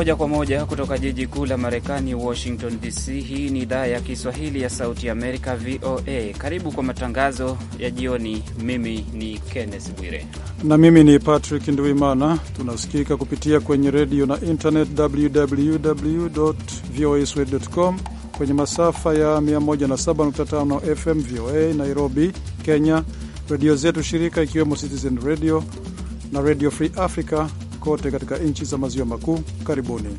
Moja kwa moja kutoka jiji kuu la Marekani, Washington DC. Hii ni idhaa ya Kiswahili ya Sauti ya Amerika, VOA. Karibu kwa matangazo ya jioni. Mimi ni Kenneth Bwire na mimi ni Patrick Nduimana. Tunasikika kupitia kwenye redio na internet, www voa swahili.com, kwenye masafa ya 107.5 FM VOA Nairobi, Kenya, redio zetu shirika ikiwemo Citizen Radio na Radio Free Africa kote katika nchi za maziwa makuu. Karibuni.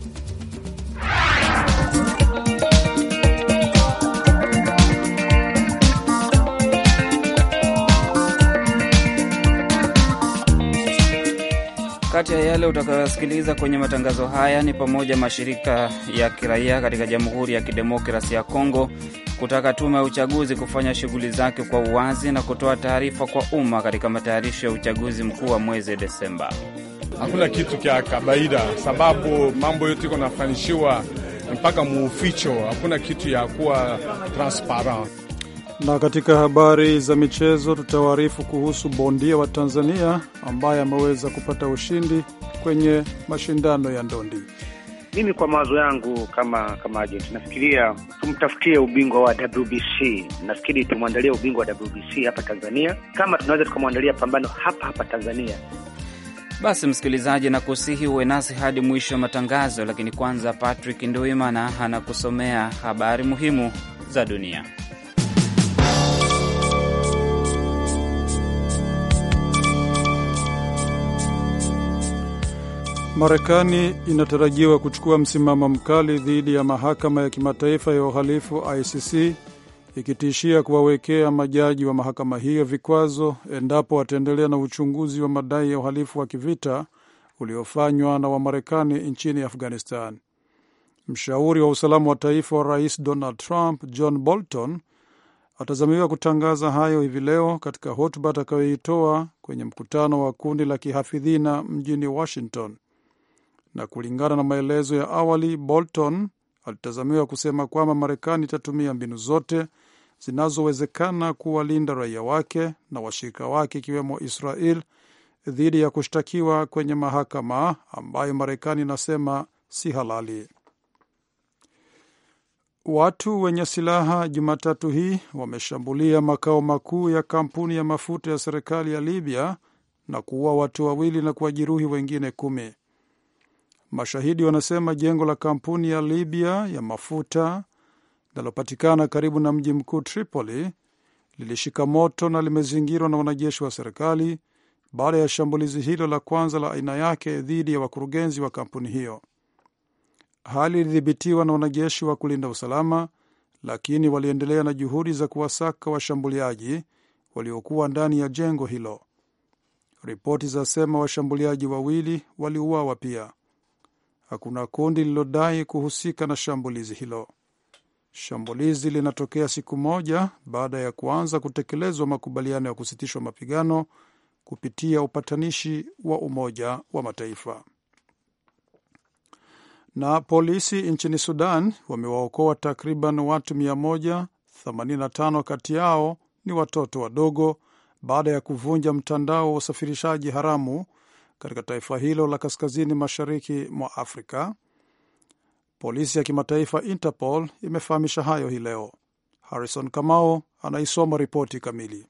Kati ya yale utakayosikiliza kwenye matangazo haya ni pamoja mashirika ya kiraia katika Jamhuri ya Kidemokrasi ya Kongo kutaka tume ya uchaguzi kufanya shughuli zake kwa uwazi na kutoa taarifa kwa umma katika matayarisho ya uchaguzi mkuu wa mwezi Desemba hakuna kitu kya kabaida sababu mambo yote iko nafanishiwa mpaka muuficho, hakuna kitu ya kuwa transparent. Na katika habari za michezo, tutawaarifu kuhusu bondia wa Tanzania ambaye ameweza kupata ushindi kwenye mashindano ya ndondi. Mimi kwa mawazo yangu kama kama agent nafikiria tumtafutie ubingwa wa WBC. Nafikiri tumwandalie ubingwa wa WBC hapa Tanzania, kama tunaweza tukamwandalia pambano hapa hapa Tanzania basi msikilizaji, nakusihi uwe nasi hadi mwisho wa matangazo, lakini kwanza Patrick Nduimana anakusomea habari muhimu za dunia. Marekani inatarajiwa kuchukua msimamo mkali dhidi ya mahakama ya kimataifa ya uhalifu ICC ikitishia kuwawekea majaji wa mahakama hiyo vikwazo endapo wataendelea na uchunguzi wa madai ya uhalifu wa kivita uliofanywa na Wamarekani nchini Afghanistan. Mshauri wa usalama wa taifa wa rais Donald Trump, John Bolton, atazamiwa kutangaza hayo hivi leo katika hotuba atakayoitoa kwenye mkutano wa kundi la kihafidhina mjini Washington. Na kulingana na maelezo ya awali, Bolton alitazamiwa kusema kwamba Marekani itatumia mbinu zote zinazowezekana kuwalinda raia wake na washirika wake ikiwemo Israel dhidi ya kushtakiwa kwenye mahakama ambayo Marekani inasema si halali. Watu wenye silaha Jumatatu hii wameshambulia makao makuu ya kampuni ya mafuta ya serikali ya Libya na kuua watu wawili na kuwajeruhi wengine kumi. Mashahidi wanasema jengo la kampuni ya Libya ya mafuta linalopatikana karibu na mji mkuu Tripoli lilishika moto na limezingirwa na wanajeshi wa serikali baada ya shambulizi hilo la kwanza la aina yake dhidi ya wakurugenzi wa kampuni hiyo. Hali ilidhibitiwa na wanajeshi wa kulinda usalama, lakini waliendelea na juhudi za kuwasaka washambuliaji waliokuwa ndani ya jengo hilo. Ripoti zasema washambuliaji wawili waliuawa pia. Hakuna kundi lililodai kuhusika na shambulizi hilo. Shambulizi linatokea siku moja baada ya kuanza kutekelezwa makubaliano ya kusitishwa mapigano kupitia upatanishi wa Umoja wa Mataifa. Na polisi nchini Sudan wamewaokoa takriban watu 185 kati yao ni watoto wadogo baada ya kuvunja mtandao wa usafirishaji haramu katika taifa hilo la kaskazini mashariki mwa Afrika Polisi ya kimataifa Interpol imefahamisha hayo hii leo. Harrison Kamao anaisoma ripoti kamili.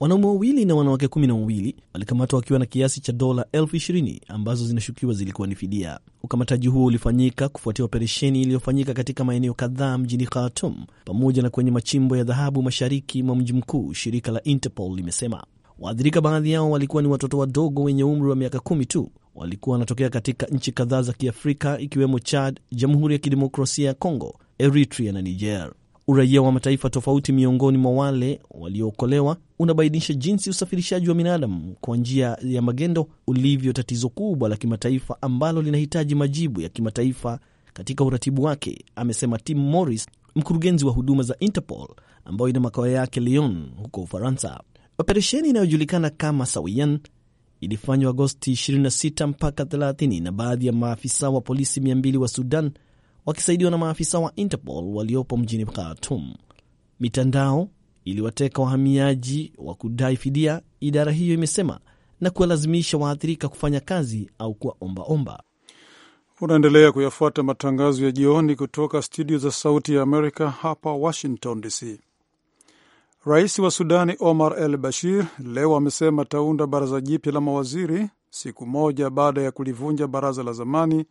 Wanaume wawili na wanawake kumi na wawili walikamatwa wakiwa na kiasi cha dola elfu ishirini ambazo zinashukiwa zilikuwa ni fidia. Ukamataji huo ulifanyika kufuatia operesheni iliyofanyika katika maeneo kadhaa mjini Khartum pamoja na kwenye machimbo ya dhahabu mashariki mwa mji mkuu, shirika la Interpol limesema. Waathirika baadhi yao walikuwa ni watoto wadogo wenye umri wa miaka kumi tu walikuwa wanatokea katika nchi kadhaa za Kiafrika ikiwemo Chad, Jamhuri ya Kidemokrasia ya Kongo, Eritrea na Niger. Uraia wa mataifa tofauti miongoni mwa wale waliookolewa unabainisha jinsi usafirishaji wa binadamu kwa njia ya magendo ulivyo tatizo kubwa la kimataifa ambalo linahitaji majibu ya kimataifa katika uratibu wake, amesema Tim Morris, mkurugenzi wa huduma za Interpol ambayo ina makao yake Lyon huko Ufaransa. Operesheni inayojulikana kama Sawian ilifanywa Agosti 26 mpaka 30 na baadhi ya maafisa wa polisi 200 wa Sudan wakisaidiwa na maafisa wa Interpol waliopo mjini Khartoum. Mitandao iliwateka wahamiaji wa kudai fidia, idara hiyo imesema, na kuwalazimisha waathirika kufanya kazi au kuwa ombaomba. Unaendelea kuyafuata matangazo ya jioni kutoka studio za Sauti ya Amerika hapa Washington DC. Rais wa Sudani Omar El Bashir leo amesema ataunda baraza jipya la mawaziri siku moja baada ya kulivunja baraza la zamani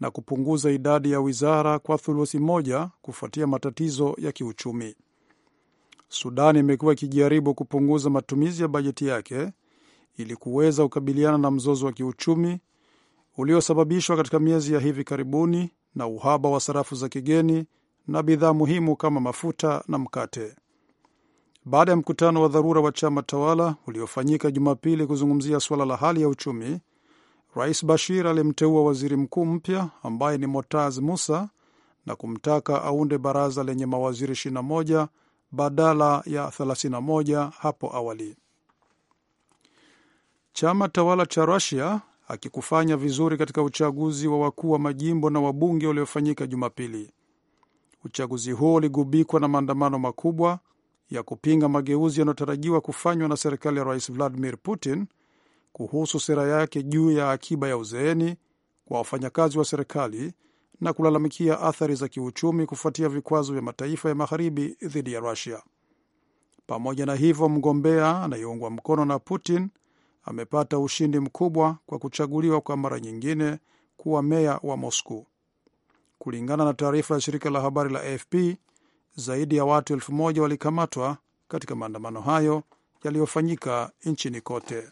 na kupunguza idadi ya wizara kwa thuluthi moja kufuatia matatizo ya kiuchumi. Sudani imekuwa ikijaribu kupunguza matumizi ya bajeti yake ili kuweza kukabiliana na mzozo wa kiuchumi uliosababishwa katika miezi ya hivi karibuni na uhaba wa sarafu za kigeni na bidhaa muhimu kama mafuta na mkate baada ya mkutano wa dharura wa chama tawala uliofanyika Jumapili kuzungumzia suala la hali ya uchumi. Rais Bashir alimteua waziri mkuu mpya ambaye ni Motaz Musa na kumtaka aunde baraza lenye mawaziri 21 badala ya 31 hapo awali. Chama tawala cha Rusia akikufanya vizuri katika uchaguzi wa wakuu wa majimbo na wabunge uliofanyika Jumapili. Uchaguzi huo uligubikwa na maandamano makubwa ya kupinga mageuzi yanayotarajiwa kufanywa na serikali ya Rais Vladimir Putin kuhusu sera yake juu ya akiba ya uzeeni kwa wafanyakazi wa serikali na kulalamikia athari za kiuchumi kufuatia vikwazo vya mataifa ya magharibi dhidi ya Rusia. Pamoja na hivyo, mgombea anayeungwa mkono na Putin amepata ushindi mkubwa kwa kuchaguliwa kwa mara nyingine kuwa meya wa Moscow. Kulingana na taarifa ya shirika la habari la AFP, zaidi ya watu elfu moja walikamatwa katika maandamano hayo yaliyofanyika nchini kote.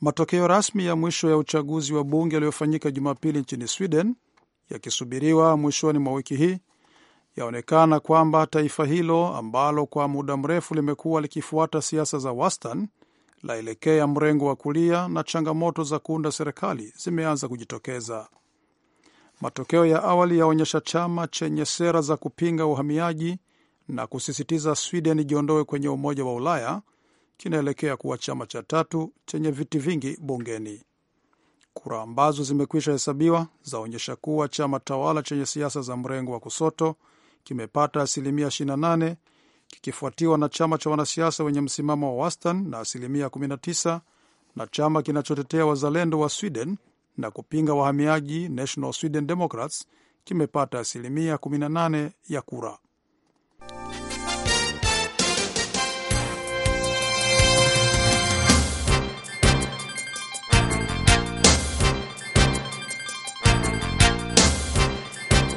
Matokeo rasmi ya mwisho ya uchaguzi wa bunge yaliyofanyika Jumapili nchini Sweden yakisubiriwa mwishoni mwa wiki hii, yaonekana kwamba taifa hilo ambalo kwa muda mrefu limekuwa likifuata siasa za wastan laelekea mrengo wa kulia na changamoto za kuunda serikali zimeanza kujitokeza. Matokeo ya awali yaonyesha chama chenye sera za kupinga uhamiaji na kusisitiza Sweden ijiondoe kwenye Umoja wa Ulaya kinaelekea kuwa chama cha tatu chenye viti vingi bungeni. Kura ambazo zimekwisha hesabiwa zaonyesha kuwa chama tawala chenye siasa za mrengo wa kusoto kimepata asilimia 28 kikifuatiwa na chama cha wanasiasa wenye msimamo wa wastani na asilimia 19 na chama kinachotetea wazalendo wa Sweden na kupinga wahamiaji National Sweden Democrats kimepata asilimia 18 ya kura.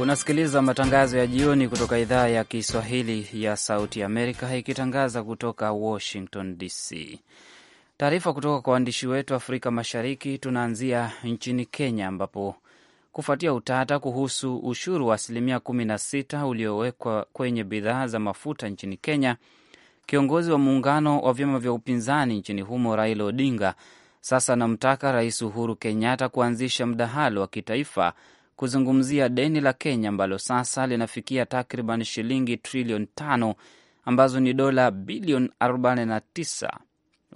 Unasikiliza matangazo ya jioni kutoka idhaa ya Kiswahili ya Sauti Amerika ikitangaza kutoka Washington DC. Taarifa kutoka kwa waandishi wetu Afrika Mashariki. Tunaanzia nchini Kenya, ambapo kufuatia utata kuhusu ushuru wa asilimia 16 uliowekwa kwenye bidhaa za mafuta nchini Kenya, kiongozi wa muungano wa vyama vya upinzani nchini humo Raila Odinga sasa anamtaka Rais Uhuru Kenyatta kuanzisha mdahalo wa kitaifa kuzungumzia deni la Kenya ambalo sasa linafikia takriban shilingi trilioni tano ambazo ni dola bilioni 49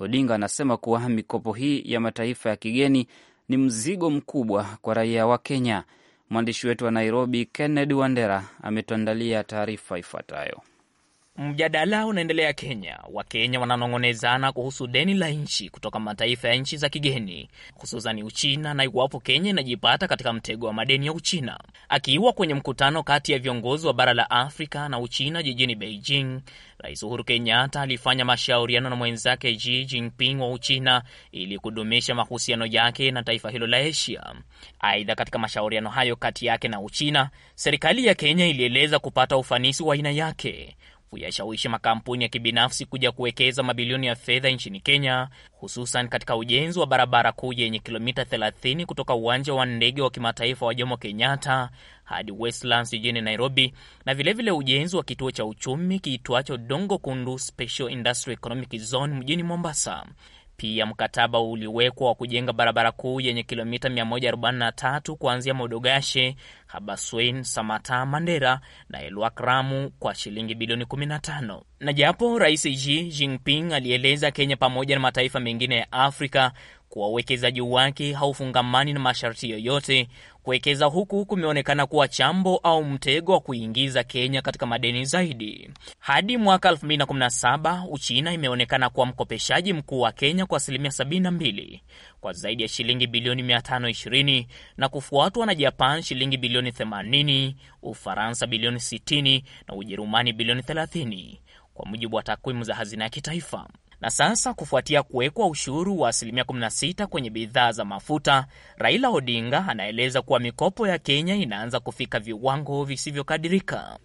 Odinga anasema kuwa mikopo hii ya mataifa ya kigeni ni mzigo mkubwa kwa raia wa Kenya. Mwandishi wetu wa Nairobi, Kennedy Wandera, ametuandalia taarifa ifuatayo. Mjadala unaendelea Kenya. Wakenya wananong'onezana kuhusu deni la nchi kutoka mataifa ya nchi za kigeni, hususani Uchina na iwapo Kenya inajipata katika mtego wa madeni ya Uchina. Akiwa kwenye mkutano kati ya viongozi wa bara la Afrika na Uchina jijini Beijing, Rais Uhuru Kenyatta alifanya mashauriano na mwenzake Xi Jinping wa Uchina ili kudumisha mahusiano yake na taifa hilo la Asia. Aidha, katika mashauriano hayo kati yake na Uchina, serikali ya Kenya ilieleza kupata ufanisi wa aina yake kuyashawishi makampuni ya kibinafsi kuja kuwekeza mabilioni ya fedha nchini Kenya, hususan katika ujenzi wa barabara kuu yenye kilomita 30 kutoka uwanja wa ndege wa kimataifa wa Jomo Kenyatta hadi Westlands jijini Nairobi, na vilevile ujenzi wa kituo cha uchumi kiitwacho Dongo Kundu Special Industrial Economic Zone mjini Mombasa. Pia mkataba uliwekwa wa kujenga barabara kuu yenye kilomita 143 kuanzia Modogashe, Habaswein, Samata, Mandera na Elwakramu kwa shilingi bilioni 15. Na japo Rais Xi Jinping alieleza Kenya pamoja na mataifa mengine ya Afrika kuwa uwekezaji wake haufungamani na masharti yoyote. Kuwekeza huku kumeonekana kuwa chambo au mtego wa kuingiza Kenya katika madeni zaidi. Hadi mwaka 2017 Uchina imeonekana kuwa mkopeshaji mkuu wa Kenya kwa asilimia 72 kwa zaidi ya shilingi bilioni 520 na kufuatwa na Japan shilingi bilioni 80, Ufaransa bilioni 60 na Ujerumani bilioni 30 kwa mujibu wa takwimu za hazina ya kitaifa. Na sasa kufuatia kuwekwa ushuru wa asilimia 16 kwenye bidhaa za mafuta, Raila Odinga anaeleza kuwa mikopo ya Kenya inaanza kufika viwango visivyokadirika.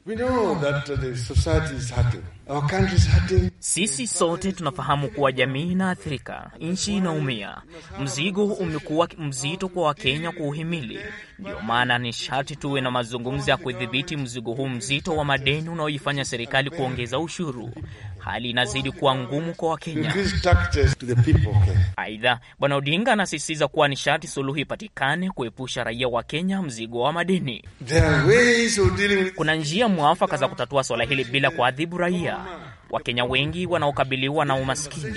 Sisi sote tunafahamu kuwa jamii inaathirika, nchi inaumia. Mzigo umekuwa mzito kwa Wakenya kuuhimili, Ndiyo maana ni sharti tuwe na mazungumzo ya kudhibiti mzigo huu mzito wa madeni unaoifanya serikali kuongeza ushuru. Hali inazidi kuwa ngumu kwa Wakenya. Aidha, Bwana Odinga anasisitiza kuwa ni sharti suluhu ipatikane kuepusha raia wa Kenya mzigo wa madeni. Kuna njia mwafaka za kutatua swala hili bila kuadhibu raia. Wakenya wengi wanaokabiliwa na umaskini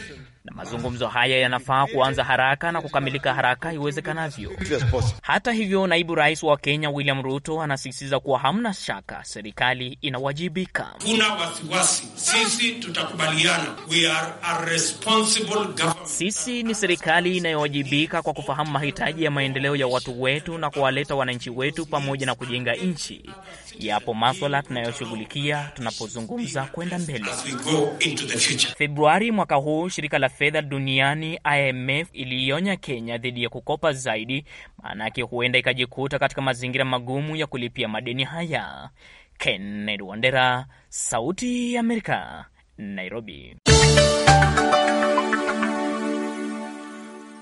na mazungumzo haya yanafaa kuanza haraka na kukamilika haraka iwezekanavyo. Hata hivyo, naibu rais wa Kenya William Ruto anasisitiza kuwa hamna shaka, serikali inawajibika. Kuna wasiwasi, sisi tutakubaliana. We are a responsible government. Sisi ni serikali inayowajibika kwa kufahamu mahitaji ya maendeleo ya watu wetu na kuwaleta wananchi wetu pamoja na kujenga nchi. Yapo maswala tunayoshughulikia tunapozungumza kwenda mbele. Februari mwaka huu shirika la fedha duniani IMF ilionya Kenya dhidi ya kukopa zaidi, maanake huenda ikajikuta katika mazingira magumu ya kulipia madeni haya. Kennedy Wandera, Sauti ya Amerika, Nairobi.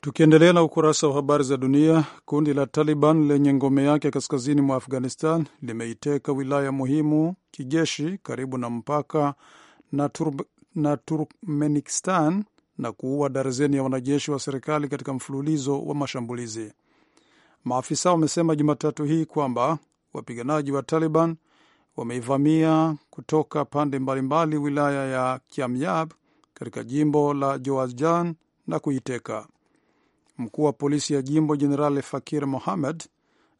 Tukiendelea na ukurasa wa habari za dunia, kundi la Taliban lenye ngome yake kaskazini mwa Afghanistan limeiteka wilaya muhimu kijeshi karibu na mpaka na, Tur na Turkmenistan na kuua darzeni ya wanajeshi wa serikali katika mfululizo wa mashambulizi. Maafisa wamesema Jumatatu hii kwamba wapiganaji wa Taliban wameivamia kutoka pande mbalimbali wilaya ya Kiamyab katika jimbo la Joajan na kuiteka. Mkuu wa polisi ya jimbo Jenerali Fakir Mohamed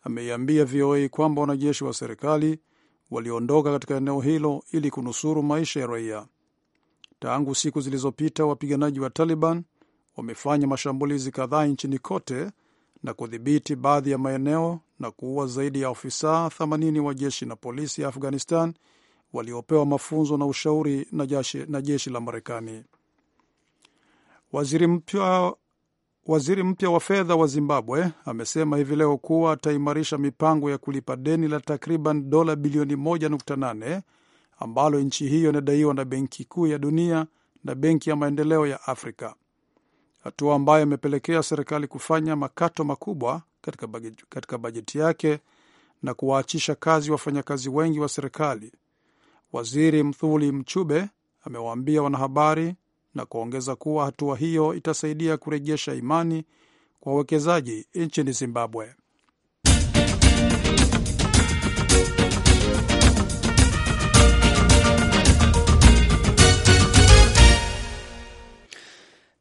ameiambia VOA kwamba wanajeshi wa serikali waliondoka katika eneo hilo ili kunusuru maisha ya raia. Tangu siku zilizopita, wapiganaji wa Taliban wamefanya mashambulizi kadhaa nchini kote na kudhibiti baadhi ya maeneo na kuua zaidi ya ofisa 80 wa jeshi na polisi ya Afghanistan waliopewa mafunzo na ushauri na jeshi, na jeshi la Marekani. Waziri mpya waziri mpya wa fedha wa Zimbabwe amesema hivi leo kuwa ataimarisha mipango ya kulipa deni la takriban dola bilioni 1.8 ambalo nchi hiyo inadaiwa na Benki Kuu ya Dunia na Benki ya Maendeleo ya Afrika, hatua ambayo imepelekea serikali kufanya makato makubwa katika, katika bajeti yake na kuwaachisha kazi wafanyakazi wengi wa serikali. Waziri Mthuli Mchube amewaambia wanahabari na kuongeza kuwa hatua hiyo itasaidia kurejesha imani kwa wawekezaji nchini Zimbabwe.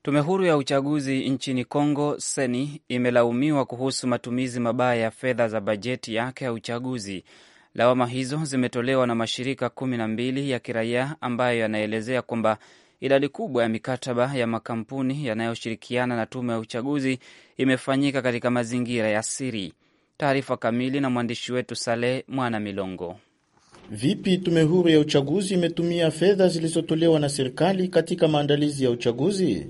Tume huru ya uchaguzi nchini congo Seni imelaumiwa kuhusu matumizi mabaya ya fedha za bajeti yake ya uchaguzi. Lawama hizo zimetolewa na mashirika kumi na mbili ya kiraia ambayo yanaelezea kwamba idadi kubwa ya mikataba ya makampuni yanayoshirikiana na tume ya uchaguzi imefanyika katika mazingira ya siri. Taarifa kamili na mwandishi wetu Saleh Mwana Milongo. Vipi tume huru ya uchaguzi imetumia fedha zilizotolewa na serikali katika maandalizi ya uchaguzi?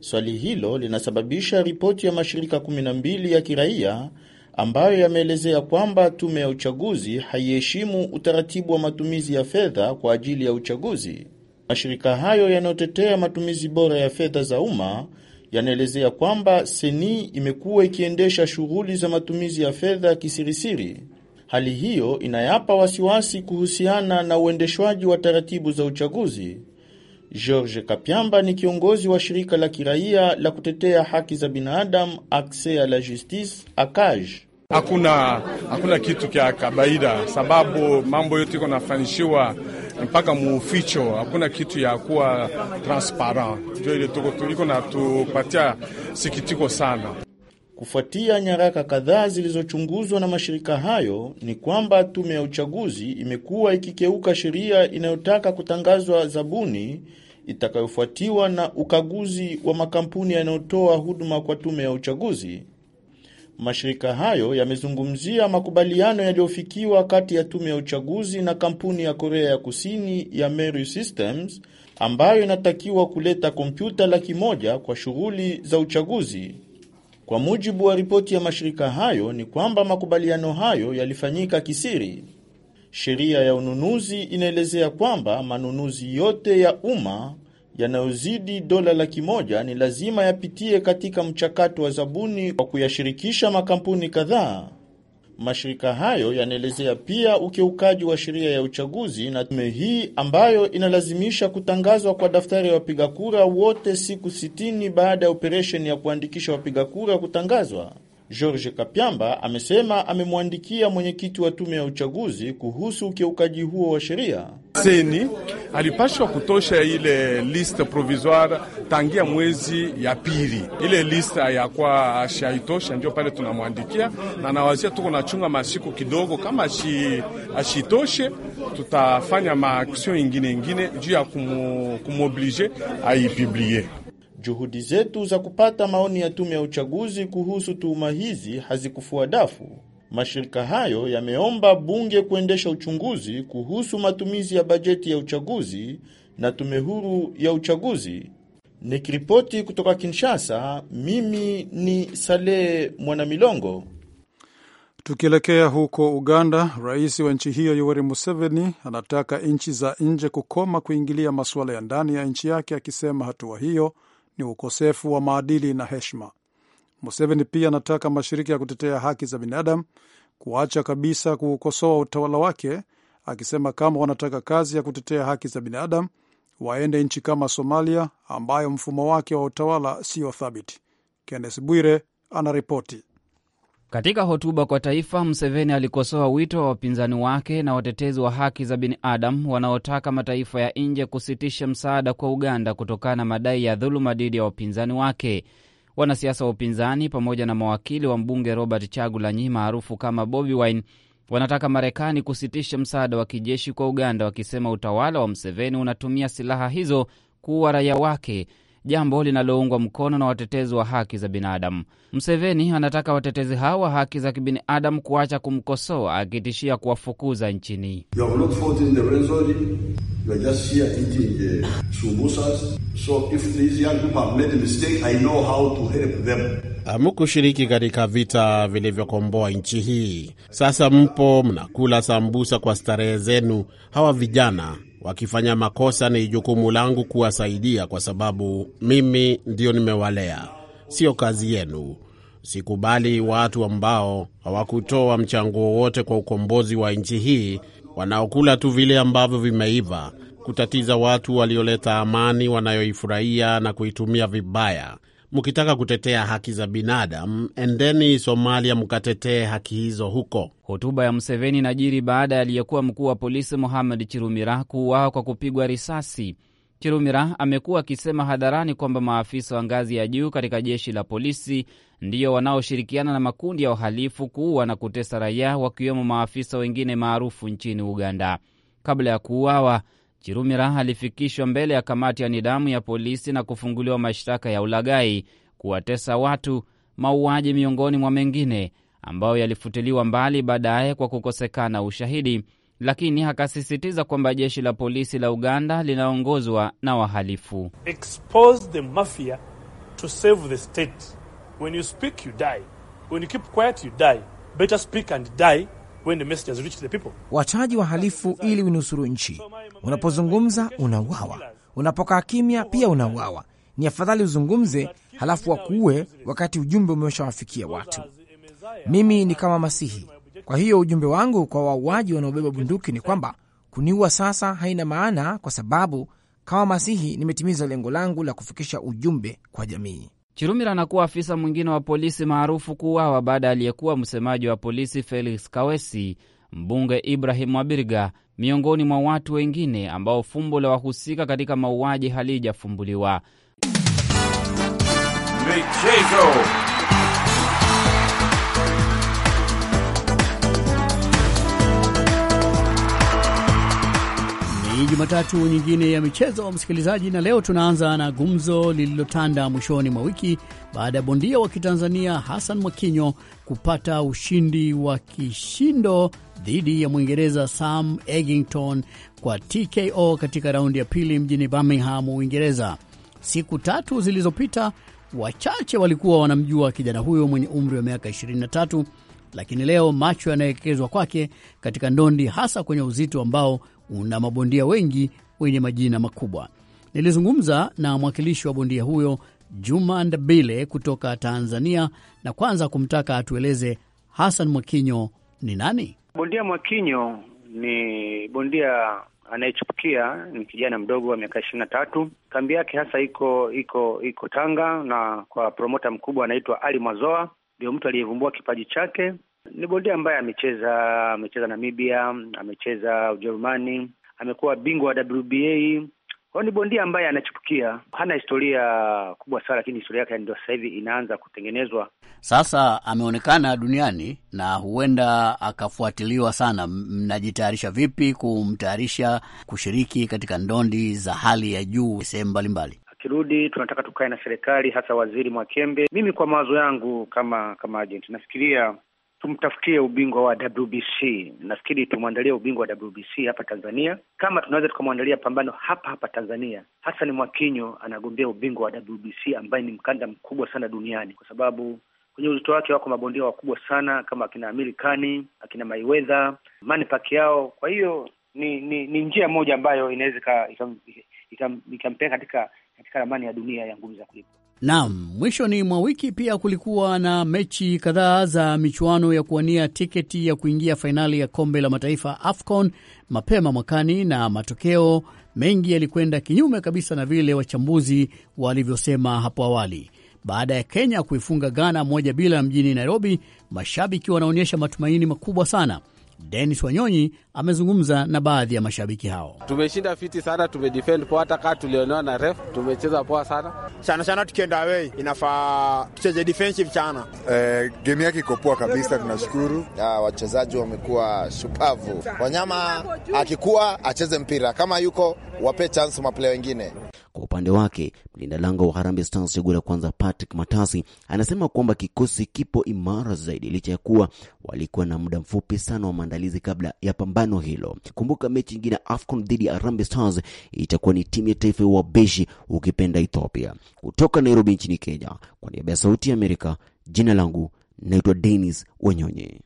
Swali hilo linasababisha ripoti ya mashirika 12 ya kiraia ambayo yameelezea kwamba tume ya uchaguzi haiheshimu utaratibu wa matumizi ya fedha kwa ajili ya uchaguzi. Mashirika hayo yanayotetea matumizi bora ya fedha za umma yanaelezea kwamba seni imekuwa ikiendesha shughuli za matumizi ya fedha kisirisiri. Hali hiyo inayapa wasiwasi kuhusiana na uendeshwaji wa taratibu za uchaguzi. George Kapiamba ni kiongozi wa shirika la kiraia la kutetea haki za binadamu Access à la Justice ACAJ. Hakuna, hakuna kitu kya kabaida sababu mambo yote iko nafanishiwa mpaka muuficho. Hakuna kitu ya kuwa transparent, ndio ile tuko tuliko na tupatia sikitiko sana. Kufuatia nyaraka kadhaa zilizochunguzwa na mashirika hayo, ni kwamba tume ya uchaguzi imekuwa ikikeuka sheria inayotaka kutangazwa zabuni itakayofuatiwa na ukaguzi wa makampuni yanayotoa huduma kwa tume ya uchaguzi. Mashirika hayo yamezungumzia makubaliano yaliyofikiwa kati ya tume ya uchaguzi na kampuni ya Korea ya Kusini ya Meru Systems ambayo inatakiwa kuleta kompyuta laki moja kwa shughuli za uchaguzi. Kwa mujibu wa ripoti ya mashirika hayo ni kwamba makubaliano hayo yalifanyika kisiri. Sheria ya ununuzi inaelezea kwamba manunuzi yote ya umma yanayozidi dola laki moja ni lazima yapitie katika mchakato wa zabuni wa kuyashirikisha makampuni kadhaa. Mashirika hayo yanaelezea pia ukiukaji wa sheria ya uchaguzi na tume hii ambayo inalazimisha kutangazwa kwa daftari ya wapiga kura wote siku 60 baada ya operesheni ya kuandikisha wapiga kura kutangazwa. George Kapiamba amesema amemwandikia mwenyekiti wa tume ya uchaguzi kuhusu ukiukaji huo wa sheria. Seni alipashwa kutosha ile liste provisoire tangia mwezi ya pili, ile liste yakwa ashaitosha, ndio pale tunamwandikia na nawazia, tuko nachunga masiku kidogo, kama ashitoshe tutafanya maaksion ingine ingine juu ya kumoblige aipiblie Juhudi zetu za kupata maoni ya tume ya uchaguzi kuhusu tuhuma hizi hazikufua dafu. Mashirika hayo yameomba bunge kuendesha uchunguzi kuhusu matumizi ya bajeti ya uchaguzi na tume huru ya uchaguzi. Nikiripoti kutoka Kinshasa, mimi ni Saleh Mwanamilongo. Tukielekea huko Uganda, rais wa nchi hiyo Yoweri Museveni anataka nchi za nje kukoma kuingilia masuala ya ndani ya nchi yake, akisema hatua hiyo ni ukosefu wa maadili na heshima. Museveni pia anataka mashirika ya kutetea haki za binadamu kuacha kabisa kuukosoa utawala wake, akisema kama wanataka kazi ya kutetea haki za binadamu waende nchi kama Somalia ambayo mfumo wake wa utawala sio thabiti. Kennes Bwire anaripoti. Katika hotuba kwa taifa, mseveni alikosoa wito wa wapinzani wake na watetezi wa haki za binadamu wanaotaka mataifa ya nje kusitisha msaada kwa Uganda kutokana na madai ya dhuluma dhidi ya wapinzani wake. Wanasiasa wa upinzani pamoja na mawakili wa mbunge Robert Chagulanyi maarufu kama Bobi Wine wanataka Marekani kusitisha msaada wa kijeshi kwa Uganda, wakisema utawala wa mseveni unatumia silaha hizo kuua raia wake jambo linaloungwa mkono na watetezi wa haki za binadamu. Mseveni anataka watetezi hao wa haki za kibinadamu kuacha kumkosoa, akitishia kuwafukuza nchini. Hamukushiriki ah, katika vita vilivyokomboa nchi hii. Sasa mpo mnakula sambusa kwa starehe zenu. Hawa vijana wakifanya makosa, ni jukumu langu kuwasaidia, kwa sababu mimi ndio nimewalea, sio kazi yenu. Sikubali watu ambao hawakutoa mchango wowote kwa ukombozi wa nchi hii, wanaokula tu vile ambavyo vimeiva, kutatiza watu walioleta amani wanayoifurahia na kuitumia vibaya mkitaka kutetea haki za binadamu, endeni Somalia mkatetee haki hizo huko. Hotuba ya mseveni inajiri baada ya aliyekuwa mkuu wa polisi Mohamed Chirumira kuuawa kwa kupigwa risasi. Chirumira amekuwa akisema hadharani kwamba maafisa wa ngazi ya juu katika jeshi la polisi ndiyo wanaoshirikiana na makundi ya uhalifu kuua na kutesa raia, wakiwemo maafisa wengine maarufu nchini Uganda. Kabla ya kuuawa Chirumira alifikishwa mbele ya kamati ya nidhamu ya polisi na kufunguliwa mashtaka ya ulagai kuwatesa watu, mauaji, miongoni mwa mengine ambayo yalifutiliwa mbali baadaye kwa kukosekana ushahidi, lakini akasisitiza kwamba jeshi la polisi la Uganda linaongozwa na wahalifu. Expose the mafia to save the state. When you speak, you die. When you keep quiet, you die. Better speak and die wataji wahalifu ili unusuru nchi. Unapozungumza unauawa, unapokaa kimya pia unauawa. Ni afadhali uzungumze halafu wakuue wakati ujumbe umeshawafikia watu. Mimi ni kama Masihi. Kwa hiyo ujumbe wangu kwa wauaji wanaobeba bunduki ni kwamba kuniua sasa haina maana, kwa sababu kama Masihi nimetimiza lengo langu la kufikisha ujumbe kwa jamii. Chirumira anakuwa afisa mwingine wa polisi maarufu kuuawa baada ya aliyekuwa msemaji wa polisi Felix Kawesi, mbunge Ibrahim Wabirga, miongoni mwa watu wengine ambao fumbo la wahusika katika mauaji halijafumbuliwa. Michezo. Ni Jumatatu nyingine ya michezo, msikilizaji, na leo tunaanza na gumzo lililotanda mwishoni mwa wiki baada ya bondia wa Kitanzania Hassan Mwakinyo kupata ushindi wa kishindo dhidi ya Mwingereza Sam Egington kwa TKO katika raundi ya pili mjini Birmingham, Uingereza. Siku tatu zilizopita, wachache walikuwa wanamjua kijana huyo mwenye umri wa miaka 23 lakini leo macho yanaelekezwa kwake katika ndondi, hasa kwenye uzito ambao una mabondia wengi wenye majina makubwa. Nilizungumza na mwakilishi wa bondia huyo Juma Ndabile kutoka Tanzania, na kwanza kumtaka atueleze Hassan Mwakinyo ni nani. Bondia Mwakinyo ni bondia anayechupukia ni kijana mdogo wa miaka ishirini na tatu. Kambi yake hasa iko iko iko Tanga, na kwa promota mkubwa anaitwa Ali Mwazoa, ndio mtu aliyevumbua kipaji chake ni bondia ambaye amecheza amecheza Namibia, amecheza Ujerumani, amekuwa bingwa wa WBA. Kwao ni bondia ambaye anachipukia, hana historia kubwa sana, lakini historia yake ndio sasa hivi inaanza kutengenezwa. Sasa ameonekana duniani na huenda akafuatiliwa sana. Mnajitayarisha vipi kumtayarisha kushiriki katika ndondi za hali ya juu sehemu mbalimbali? Akirudi tunataka tukae na serikali, hasa Waziri Mwakembe. Mimi kwa mawazo yangu kama kama agent, nafikiria tumtafutie ubingwa wa WBC. Nafikiri tumwandalie ubingwa wa WBC hapa Tanzania, kama tunaweza tukamwandalia pambano hapa hapa Tanzania. Hassan Mwakinyo anagombea ubingwa wa WBC ambaye ni mkanda mkubwa sana duniani, kwa sababu kwenye uzito wake wako mabondia wakubwa sana kama akina Amir Khan, akina Mayweather, Manny Pacquiao. Kwa hiyo ni, ni ni njia moja ambayo inaweza ikampeleka katika katika ramani ya dunia ya ngumi za kulipa Naam, mwishoni mwa wiki pia kulikuwa na mechi kadhaa za michuano ya kuwania tiketi ya kuingia fainali ya kombe la mataifa AFCON mapema mwakani, na matokeo mengi yalikwenda kinyume kabisa na vile wachambuzi walivyosema hapo awali. Baada ya Kenya kuifunga Ghana moja bila mjini Nairobi, mashabiki wanaonyesha matumaini makubwa sana denis Wanyonyi amezungumza na baadhi ya mashabiki hao. Tumeshinda fiti sana, tumedefend poa, hata kaa tulionewa na ref, tumecheza poa sana sana sana. Tukienda away inafaa tucheze defensive sana. Eh, game yake iko poa kabisa, tunashukuru. Wachezaji wamekuwa shupavu. Wanyama akikuwa acheze mpira, kama yuko wape chance maplea wengine upande wake mlinda lango wa Harambee Stars chaguo la kwanza Patrick Matasi anasema kwamba kikosi kipo imara zaidi licha ya kuwa walikuwa na muda mfupi sana wa maandalizi kabla ya pambano hilo. Kumbuka mechi nyingine AFCON dhidi ya Harambee Stars itakuwa ni timu ya taifa ya Wabeshi ukipenda Ethiopia. Kutoka Nairobi nchini Kenya, kwa niaba ya Sauti ya Amerika, jina langu naitwa Dennis Wanyonyi.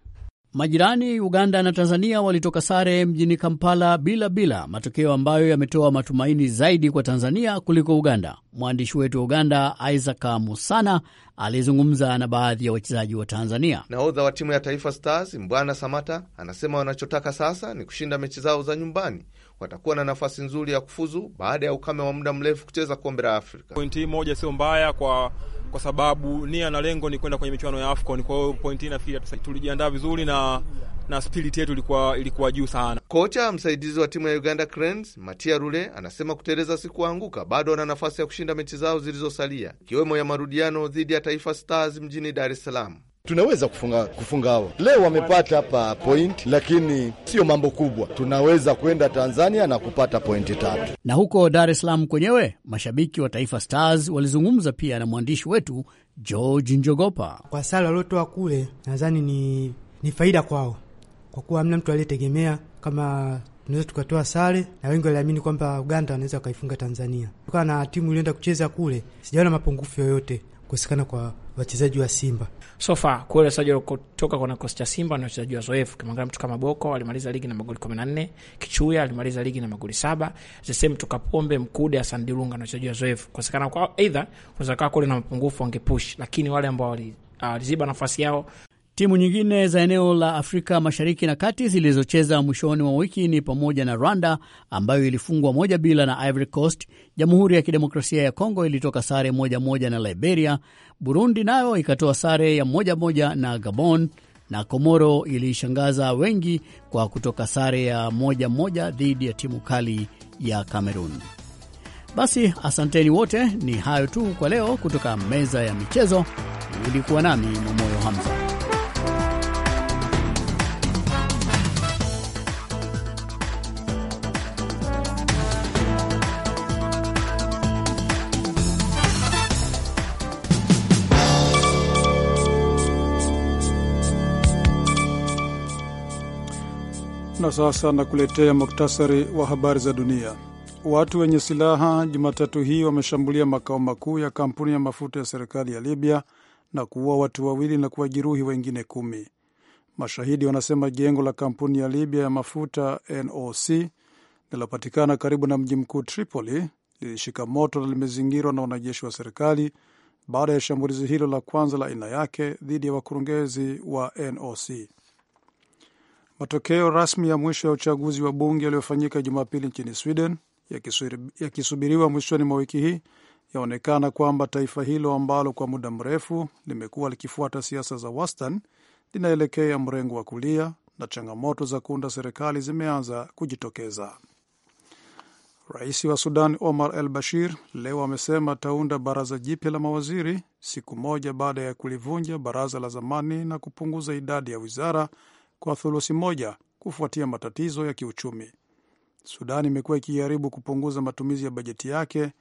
Majirani Uganda na Tanzania walitoka sare mjini Kampala bila bila, matokeo ambayo yametoa matumaini zaidi kwa Tanzania kuliko Uganda. Mwandishi wetu wa Uganda Isaac Musana aliyezungumza na baadhi ya wachezaji wa Tanzania. Nahodha wa timu ya Taifa Stars Mbwana Samata anasema wanachotaka sasa ni kushinda mechi zao za nyumbani watakuwa na nafasi nzuri ya kufuzu baada ya ukame wa muda mrefu kucheza kombe la Afrika. Pointi hii moja sio mbaya kwa kwa sababu nia na lengo ni kwenda kwenye michuano ya AFCON. Kwa hiyo point hii nafikiri tulijiandaa vizuri na na spirit yetu ilikuwa ilikuwa juu sana. Kocha msaidizi wa timu ya Uganda Cranes Matia Rule anasema kuteleza si kuanguka, bado wana nafasi ya kushinda mechi zao zilizosalia ikiwemo ya marudiano dhidi ya Taifa Stars mjini Dar es Salaam tunaweza kufunga, kufunga Leo wamepata hapa point, lakini sio mambo kubwa. Tunaweza kwenda Tanzania na kupata pointi tatu. Na huko Dar es Salaam kwenyewe mashabiki wa Taifa Stars walizungumza pia na mwandishi wetu George Njogopa. Kwa sala waliotoa kule, nadhani ni, ni faida kwao kwa kuwa hamna mtu aliyetegemea kama tunaweza tukatoa sare, na wengi waliamini kwamba Uganda wanaweza wakaifunga Tanzania. Kutokana na timu ilienda kucheza kule, sijaona mapungufu yoyote kukosekana kwa wachezaji wa Simba sofa kuele wachezaji kutoka kwa kikosi cha Simba na wachezaji wazoefu. Kimwangalia mtu kama Boko alimaliza ligi na magoli 14, Kichuya alimaliza ligi na magoli saba, Zesem Tukapombe, Mkude, asandirunga na wachezaji wazoefu. Kukosekana kwa aidha kuweza kaa kule na mapungufu wangepush, lakini wale ambao ah, waliziba nafasi yao Timu nyingine za eneo la Afrika Mashariki na Kati zilizocheza mwishoni mwa wiki ni pamoja na Rwanda ambayo ilifungwa moja bila na Ivory Coast. Jamhuri ya Kidemokrasia ya Kongo ilitoka sare moja moja na Liberia. Burundi nayo ikatoa sare ya moja moja na Gabon, na Komoro iliishangaza wengi kwa kutoka sare ya moja moja dhidi ya timu kali ya cameron Basi asanteni wote, ni hayo tu kwa leo kutoka meza ya michezo. Ulikuwa nami Momoyo Hamza. Na sasa nakuletea muktasari wa habari za dunia. Watu wenye silaha Jumatatu hii wameshambulia makao makuu ya kampuni ya mafuta ya serikali ya Libya na kuua watu wawili na kuwajeruhi wengine kumi. Mashahidi wanasema jengo la kampuni ya Libya ya mafuta NOC linalopatikana karibu na mji mkuu Tripoli lilishika moto na limezingirwa na wanajeshi wa serikali baada ya shambulizi hilo la kwanza la aina yake dhidi ya wakurugenzi wa NOC. Matokeo rasmi ya mwisho ya uchaguzi wa bunge yaliyofanyika Jumapili nchini Sweden yakisubiriwa mwishoni mwa wiki hii, yaonekana kwamba taifa hilo ambalo kwa muda mrefu limekuwa likifuata siasa za wastani linaelekea mrengo wa kulia na changamoto za kuunda serikali zimeanza kujitokeza. Rais wa Sudan Omar al Bashir leo amesema ataunda baraza jipya la mawaziri siku moja baada ya kulivunja baraza la zamani na kupunguza idadi ya wizara kwa thuluthi moja kufuatia matatizo ya kiuchumi. Sudan imekuwa ikijaribu kupunguza matumizi ya bajeti yake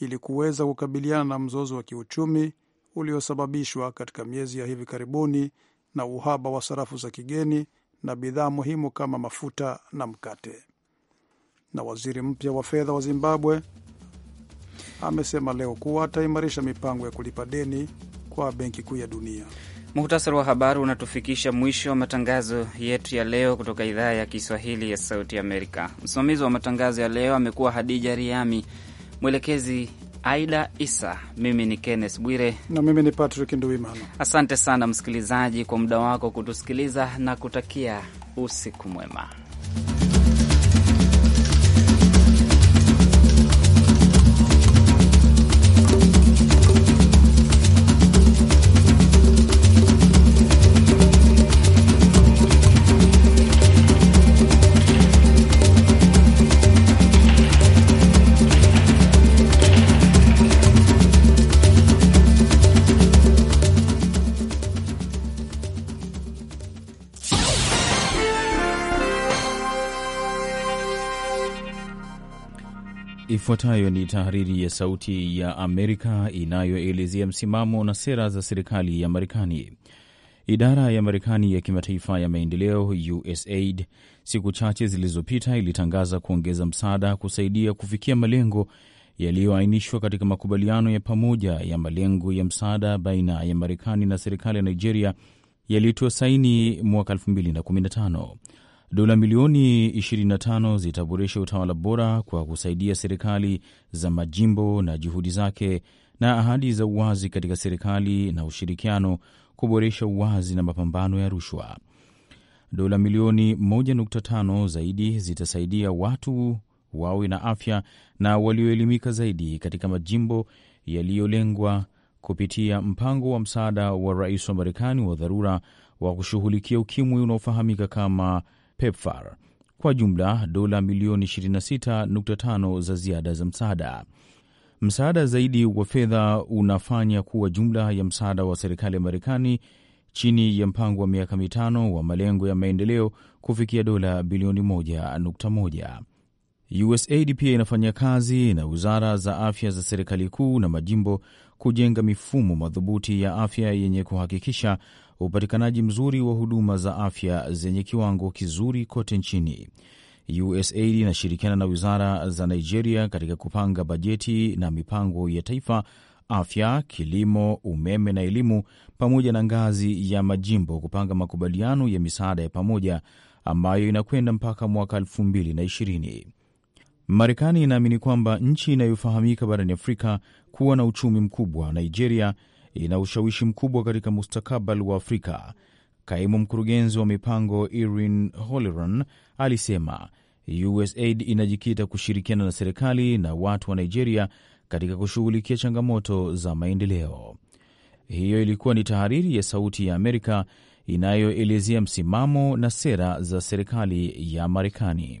ili kuweza kukabiliana na mzozo wa kiuchumi uliosababishwa katika miezi ya hivi karibuni na uhaba wa sarafu za kigeni na bidhaa muhimu kama mafuta na mkate. Na waziri mpya wa fedha wa Zimbabwe amesema leo kuwa ataimarisha mipango ya kulipa deni kwa Benki Kuu ya Dunia. Muhtasari wa habari unatufikisha mwisho wa matangazo yetu ya leo kutoka idhaa ya Kiswahili ya Sauti Amerika. Msimamizi wa matangazo ya leo amekuwa Hadija Riami, mwelekezi Aida Isa. Mimi ni Kenneth Bwire na mimi ni Patrick Nduimana. Asante sana msikilizaji kwa muda wako kutusikiliza na kutakia usiku mwema. Ifuatayo ni tahariri ya Sauti ya Amerika inayoelezea msimamo na sera za serikali ya Marekani. Idara ya Marekani ya Kimataifa ya Maendeleo, USAID, siku chache zilizopita ilitangaza kuongeza msaada kusaidia kufikia malengo yaliyoainishwa katika makubaliano ya pamoja ya malengo ya msaada baina ya Marekani na serikali ya Nigeria yaliyotiwa saini mwaka 2015. Dola milioni 25 zitaboresha utawala bora kwa kusaidia serikali za majimbo na juhudi zake na ahadi za uwazi katika serikali na ushirikiano kuboresha uwazi na mapambano ya rushwa. Dola milioni 1.5 zaidi zitasaidia watu wawe na afya na walioelimika zaidi katika majimbo yaliyolengwa kupitia mpango wa msaada wa rais wa Marekani wa dharura wa kushughulikia ukimwi unaofahamika kama PEPFAR kwa jumla dola milioni 26.5 za ziada za msaada. Msaada zaidi wa fedha unafanya kuwa jumla ya msaada wa serikali ya Marekani chini ya mpango wa miaka mitano wa malengo ya maendeleo kufikia dola bilioni 1.1. USAID pia inafanya kazi na wizara za afya za serikali kuu na majimbo kujenga mifumo madhubuti ya afya yenye kuhakikisha upatikanaji mzuri wa huduma za afya zenye kiwango kizuri kote nchini. USAID inashirikiana na wizara za Nigeria katika kupanga bajeti na mipango ya taifa, afya, kilimo, umeme na elimu, pamoja na ngazi ya majimbo kupanga makubaliano ya misaada ya pamoja ambayo inakwenda mpaka mwaka ishirini Marekani inaamini kwamba nchi inayofahamika barani Afrika kuwa na uchumi mkubwa, Nigeria ina ushawishi mkubwa katika mustakabali wa Afrika. Kaimu mkurugenzi wa mipango irin Holeron alisema USAID inajikita kushirikiana na serikali na watu wa Nigeria katika kushughulikia changamoto za maendeleo. Hiyo ilikuwa ni tahariri ya Sauti ya Amerika inayoelezea msimamo na sera za serikali ya Marekani.